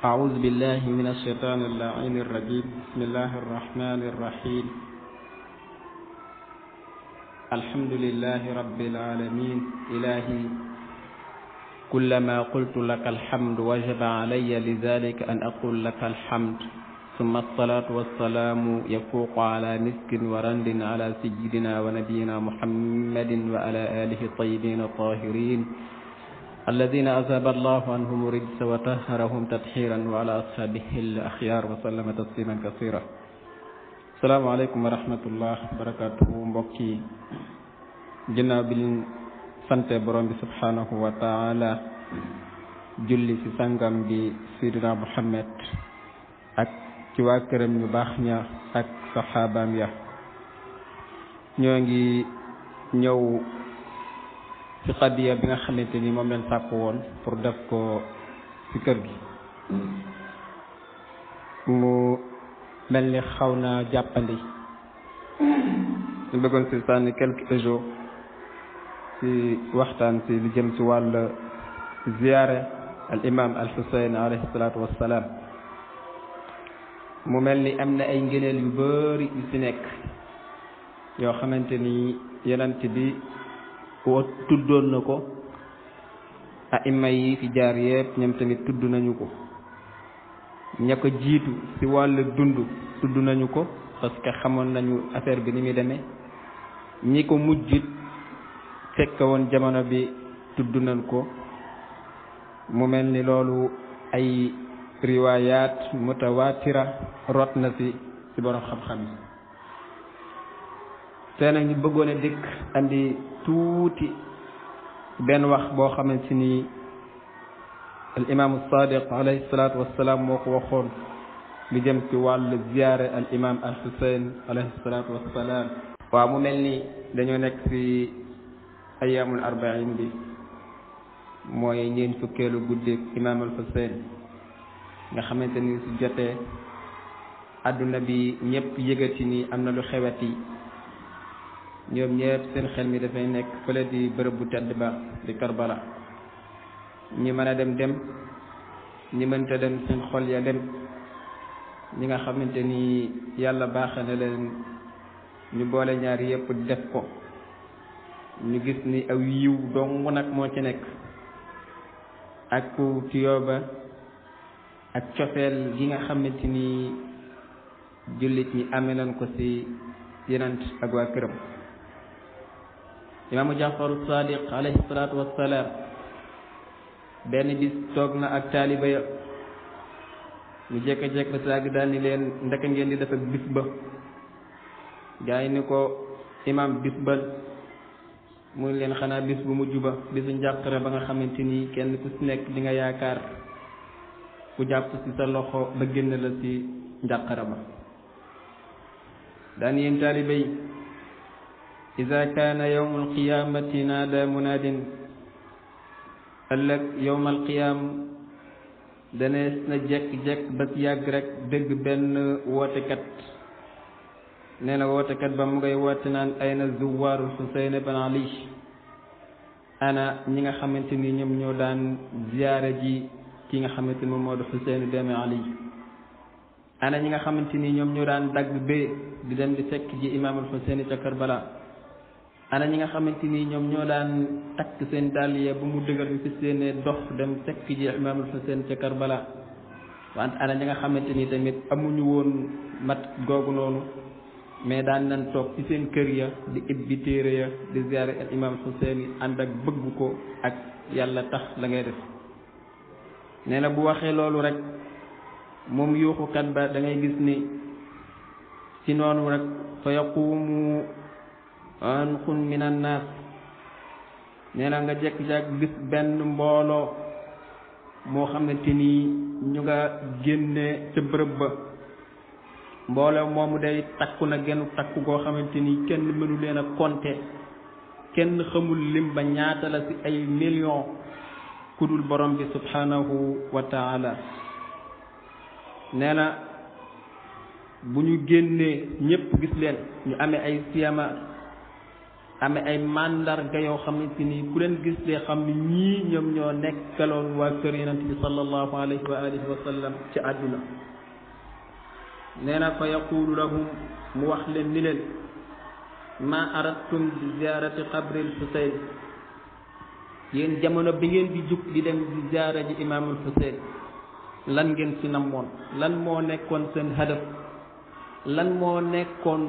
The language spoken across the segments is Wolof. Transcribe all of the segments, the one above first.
أعوذ بالله من الشيطان اللعين الرجيم بسم الله الرحمن الرحيم الحمد لله رب العالمين إلهي كلما قلت لك الحمد وجب علي لذلك أن أقول لك الحمد ثم الصلاة والسلام يفوق على مسك ورند على سيدنا ونبينا محمد وعلى آله الطيبين الطاهرين الذين أذهب الله عنهم الرجس وطهرهم تطهيرا وعلى أصحابه الأخيار وسلم تسليما كثيرا salaamaaleykum wa rahmatullah barakaatuhu mbokk yi ginnaaw bi ñu sante borom bi subhaanahu wa taala julli ci sangam bi Seydina Muhammad ak ci waa këram ñu baax ña ak saxaabaam ya ñoo ngi ñëw ci xadiya bi nga xamante ni moom leen sàkk woon pour def ko ci kër gi mu mel ni xaw naa jàppandi ñu bëggoon si sànni quelques jours ci waxtaan si lu jëm ci wàll ziyaare al imam al Husayn alayhi salaatu wassalaam mu mel ni am na ay ngëneel yu bari yu ci nekk yoo xamante ni yenant bi woo tuddoon na ko aima yi fi jaar yépp ñoom tudd nañu ko ña jiitu ci wàll dund tudd nañu ko parce xamoon nañu affaire bi ni muy demee ñi ko mujjit fekk woon jamono bi tudd nañ ko mu mel ni loolu ay riwaayaat mutawatira rot na ci ci borom xam-xam yi te nag ñu andi tuuti benn wax boo xamante ni al imaamu sadiq alayhi salaatu wassalaam moo ko waxoon lu jëm ci wàllu ziyaare al imaam al Hussein alayhi mu mel nii dañoo nekk fi ayaamul arbain bi mooy ñeent fukkeelu guddeeg imaam al Hussein nga xamante ni su àdduna bi ñëpp yëgati ni am na lu xewati ñoom ñeet seen xel mi dafay nekk fële di bërëb bu tedd ba di Karbala ñi mën a dem dem ñi mënta dem seen xol ya dem ñi nga xamante ni yàlla baax na leen ñu boole ñaar yépp def ko ñu gis ni aw yiw dong nag moo ci nekk ak tiyooba ak cofeel gi nga xamante ni jullit ñi amee nañ ko ci yenant ak waa këram imaamu jaafaru sadiq alayhi salaatu wassalaam benn bis toog na ak taaliba ya mu jékki-jékki saag daal ni leen ndaka ngeen di defak ak bis ba gaa yi ni ko imaam bis ba mu leen xanaa bis bu mu juba bisu njàqare ba nga xamante ni kenn ku si nekk di nga yaakaar ku jàpp si sa loxo ba génn la si njàqare ba daan yéen taaliba yi إذا كان يوم القيامة نادى مناد ëllëg yowmal qiyaam danees na jekk-jekk ba yàgg rek dégg benn wootekat nee na wootekat ba mu ngay woote naan ay na zuwaaru Xuseyn ibn Ali ana ñi nga xamante ni ñoom ñoo daan ziyaare ji ki nga xamante ni moom moo di Xuseyn ibn Ali nga xamante ni ñoom dagg bee di dem di fekk ji imaamul Xuseyn ca Karbala ana ñi nga xamante ni ñoom ñoo daan takk seen dàll ya bu mu dëgër bi fi seenee dox dem fekk ji imaamul Xuseen ca Karbala wante ana ñi nga xamante ni tamit amuñu woon mat googu noonu mais daan nañ toog ci seen kër ya di ibbi téere ya di ziare al imaam Xuseen yi ànd ak bëgg ko ak yàlla tax la ngay def nee na bu waxee loolu rek moom yuuxukat ba dangay gis ni ci noonu rek fa yaqumu anqun min annaas nee na nga jekk-jekk gis benn mbooloo moo xamante nii ñu nga génne ca bërëb ba mbooloo moomu day takku na genn takku goo xamante nii kenn mënu leen a compter kenn xamul lim ba ñaata la ci ay millions kudul dul borom bi subhanahu wa taala nee bu ñu génnee ñëpp gis leen ñu amee ay siyama amee ay mandarga yoo xamante ni ku leen gis dee xam ni ñii ñoom ñoo nekkaloon waa kër yonent bi ci àdduna nee na fa yaqulu lahum mu wax leen ni leen ma aradtum bi ziarati qabril Husayn yéen jamono bi ngeen di jug di dem di ziara ji imaamul Husayn lan ngeen ci namoon lan moo nekkoon seen hadaf lan moo nekkoon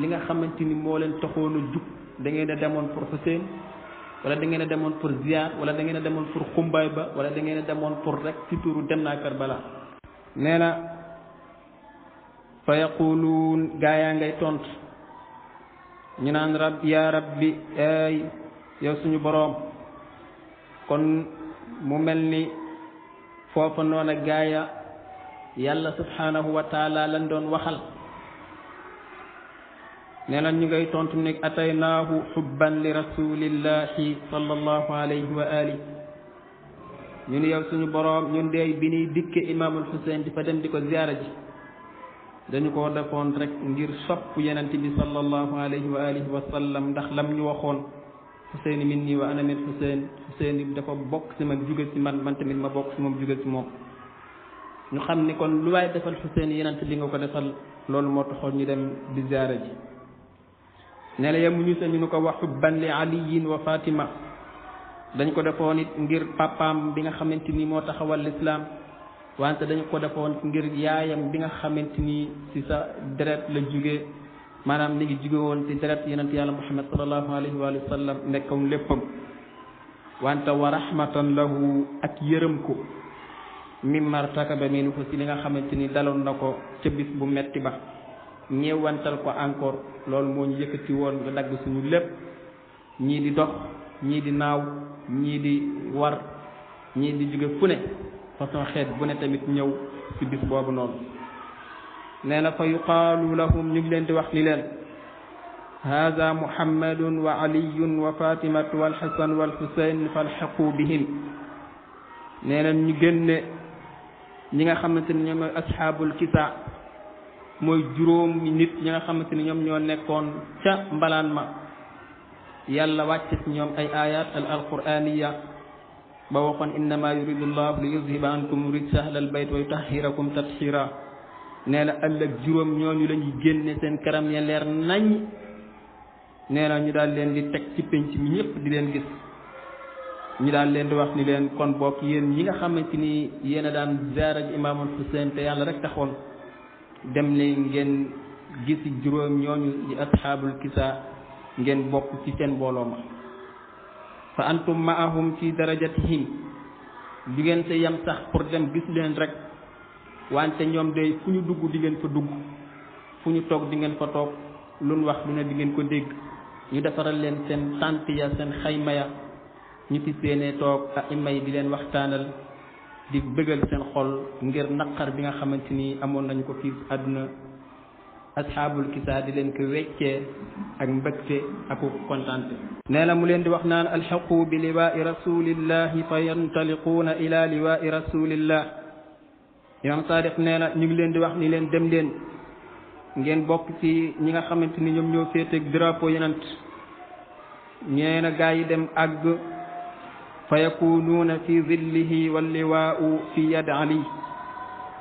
li nga xamante ni moo leen taxoon a jug da ngeen a demoon pour Hussein wala da ngeen demoon pour ziar wala da demoon pour xumbaay ba wala da ngeen demoon pour rek ci turu dem naa Karbala nee na fa yaquluun gaa yaa ngay tontu ñu naan rab yaa rabbi ay yow suñu boroom kon mu mel ni foofa noona gaaya yàlla subhanahu wa taala lañ doon waxal ne lan ñu ngay tontu ne ataynaahu xubban li rasulillahi sallallahu alayhi wa ali ñu ni yow suñu boroom ñu deey bi ñuy dikke imaamul Xuseyn di fa dem di ko ziyaara ji dañu ko defoon rek ngir sopp yenent bi sallallahu alayhi wa alihi wa sallam ndax lam ñu waxoon Xuseyn min nii wa ana min Xuseyn Xuseyn dafa bokk ci man jóge ci man man tamit ma bokk ci moom jóge ci moom ñu xam ni kon lu waay defal Xuseyn yenent bi nga ko defal loolu moo taxoon ñu dem di ziyaara ne la yemuñu sa ñu nu ko wax xubban li aliyin wa fatima dañ ko defoon ngir papaam bi nga xamante ni moo taxawal lislaam wante dañ ko defoon ngir yaayam bi nga xamante ni ci sa deret la jóge maanaam mi ngi woon ci deret yonent yàlla muhammad sallallahu alayhi wa sallam nekkoon léppam wante wa rahmatan lahu ak yërëm ko mimmartakaba minhu ci li nga xamante ni daloon na ko ca bis bu metti ba ñeewantal ko encore loolu moo ñu yëkkati woon nga dagg suñu lépp ñii di dox ñii di naaw ñii di war ñii di jóge fu ne façon xeet bu ne tamit ñëw ci boobu noonu nee na fa yuqaalu lahum ñu ngi leen di wax ni leen hada muhammadun wa aliyun wa fatimatu walxasan walxusayn falxaqu bihim nee na ñu génne ñi nga xam ne ñoom mooy asxaabul mooy juróom nit ñi nga xamante ni ñoom ñoo nekkoon ca mbalaan ma yàlla wàcce ñoom ay ayat al alquraniya ba waxoon innama yuridu llahu li yuzhiba ankum rijsa ahlal bayt wa yutahhirakum tathira nee na ëllëg juróom ñooñu la ñuy génne seen karam ya leer nañ nee na ñu daal leen di teg ci pénc mi ñëpp di leen gis ñu daal leen di wax ni leen kon bokk yéen ñi nga xamante ni yéen a daan ziyaara ji imaamul Hussein te yàlla rek taxoon dem leen ngeen gis juróom ñooñu di asxaabul kisa ngeen bokk ci seen mbooloo ma fa antum maahum fi darajatihim du ngeen sa yem sax pour dem gis leen rek wante ñoom day fu ñu dugg di ngeen fa dugg fu ñu toog dingeen ngeen fa toog luñ wax lu ne di ngeen ko dégg ñu defaral leen seen tànt ya seen xayma ya ñu ci seenee toog a imma di leen waxtaanal di bëggal seen xol ngir naqar bi nga xamante ni amoon nañ ko fii àdduna asxaabul kisaa di leen ko weccee ak mbëgte ak kontante nee na mu leen di wax naan alxaqu bi liwaai rasulillahi fa yantaliquuna ila liwaai rasulillah imam saadiq nee na ñu ngi leen di wax ni leen dem leen ngeen bokk ci ñi nga xamante ni ñoom ñoo féete ak drapeau yenant ñee na yi dem àgg fa yakunuuna fi zillihi wal liwaau fi yad ali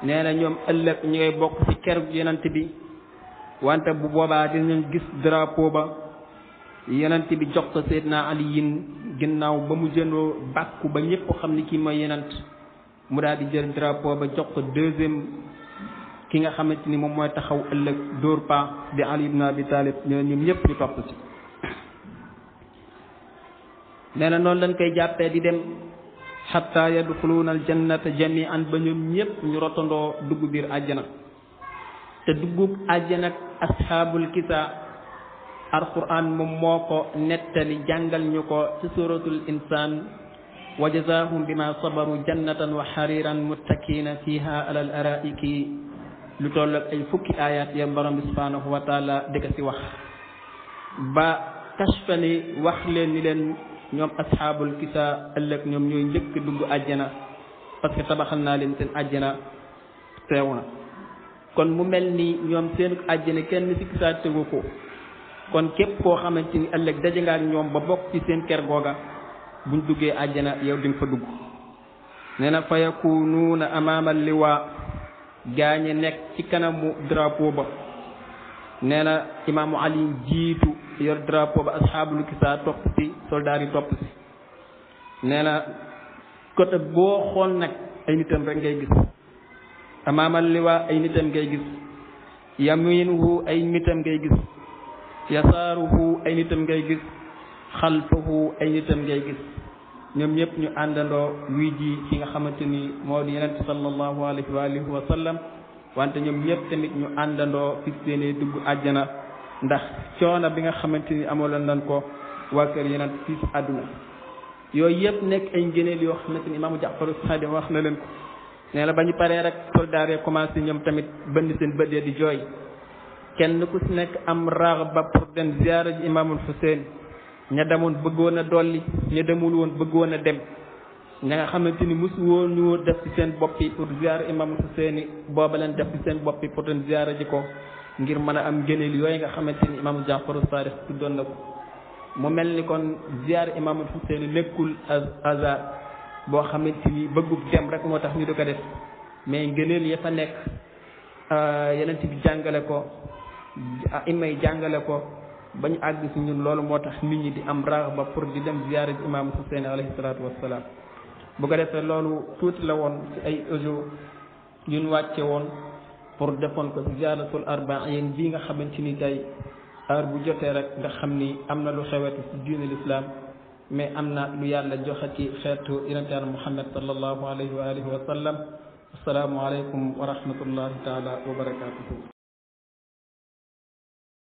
nee na ñoom ëllëg ñu bokk ci ker yonent bi wante bu boobaa dinañ gis drapeau ba yonent bi jox ko Seydina Aliyin ginnaaw ba mu jëndoo bàkku ba ñëpp xam ni kii mooy yonent mu daal di jël drapeau ba jox ko deuxième ki nga xamante ni moom mooy taxaw ëllëg dóor pas di Ali ibn Abi Talib ñoom ñëpp topp nee na noonu lañ koy jàppee di dem xatta yadxuluuna aljannata jamian ba ñoom ñépp ñu rotandoo dugg biir àjjana te duggub àjjana ak asxaabul kisa alquran moom moo ko nettali jàngal ñu ko ci suratul insaan wa jazaahum bima sabaru jannatan wa xariran muttakiina fiha ala al araiki lu toll ay fukki ayat ya borom bi wa taala dëgg si wax ba kashfani wax leen ni leen ñoom asxaabul kisa ëllëg ñoom ñooy njëkk dugg àjjana parce que tabaxal naa leen seen àjjana teew na kon mu mel ni ñoom seen àjjana kenn si kisaa tegu ko kon képp koo xamante ni ëllëg daje nga ñoom ba bokk ci seen ker googa buñ duggee àjjana yow di nga fa dugg nee na fa yakunuuna amaama liwa gaañe nekk ci kanamu drapeau ba nee na ali jiitu yor drapeau ba asxaabul kisa topp si soldaar yi topp si nee na côté boo xool nag ay nitam rek ngay gis amaamal liwaa ay nitam ngay gis yaminuhu ay nitam ngay gis yasaaruhu ay nitam ngay gis nitam ngay ñoom ñëpp ñu àndandoo wii ji ki nga xamante ni moo di yonente sallallahu alayhi wa alihi wante ñoom ñëpp tamit ñu àndandoo fis seene dugg àjjana ndax coono bi nga xamante ni la nañ ko waa kër yeneen fii si àdduna yooyu yëpp nekk ay ngëneel yoo xamante ni imaamu Jaafaru Saadim wax na leen ko nee na ba ñu paree rek soldaar yi commencé ñoom tamit bënn seen bëddee di jooy kenn ku si nekk am raax ba pour dem ziyaara ji imaamul Hussein ña demoon bëggoon a dolli demul woon bëggoon a dem ña nga xamante ni mosu woon ñu def seen bopp yi pour ziyaara imaamul Hussein booba leen def seen bopp yi pour dem ziyaara ji ko ngir mën a am gëneel yooyu nga xamante ni imaamu Jaafaru Saadiq tuddoon na ko mu mel ni kon ziar imaamul Xuseeni nekkul hasard boo xamante ni bëggub dem rek moo tax ñu di ko def mais ngëneel ya fa nekk euh, yeneen bi jàngale ko imay jàngale ko ba ñu àgg si ñun loolu moo tax nit ñi di am raax ba pour di dem ziar ji imaamul Xuseeni alayhi salaatu wassalaam bu ko defee loolu tuuti la woon ci ay audio ñun wàcce woon pour defoon ko ziyaaratul arbaïn bii nga xamante ni tey heure bu jotee rek nga xam ni am na lu xewete ci diine l'islam mais am na lu yàlla joxe ci xeetu yonent yàlla muhammad sallallahu alayhi wa alihi wa sallam asalaamualeykum wa rahmatullahi taala wa barakatuhu